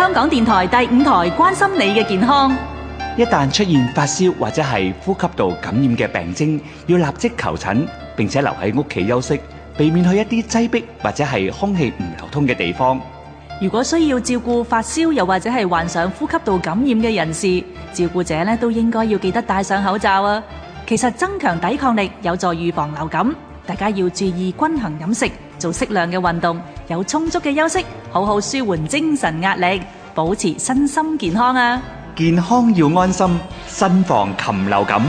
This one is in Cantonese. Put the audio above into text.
香港電台第五台關心你嘅健康。一旦出現發燒或者係呼吸道感染嘅病徵，要立即求診，並且留喺屋企休息，避免去一啲擠迫或者係空氣唔流通嘅地方。如果需要照顧發燒又或者係患上呼吸道感染嘅人士，照顧者咧都應該要記得戴上口罩啊。其實增強抵抗力有助預防流感，大家要注意均衡飲食，做適量嘅運動。有充足嘅休息，好好舒緩精神壓力，保持身心健康啊！健康要安心，慎防禽流感。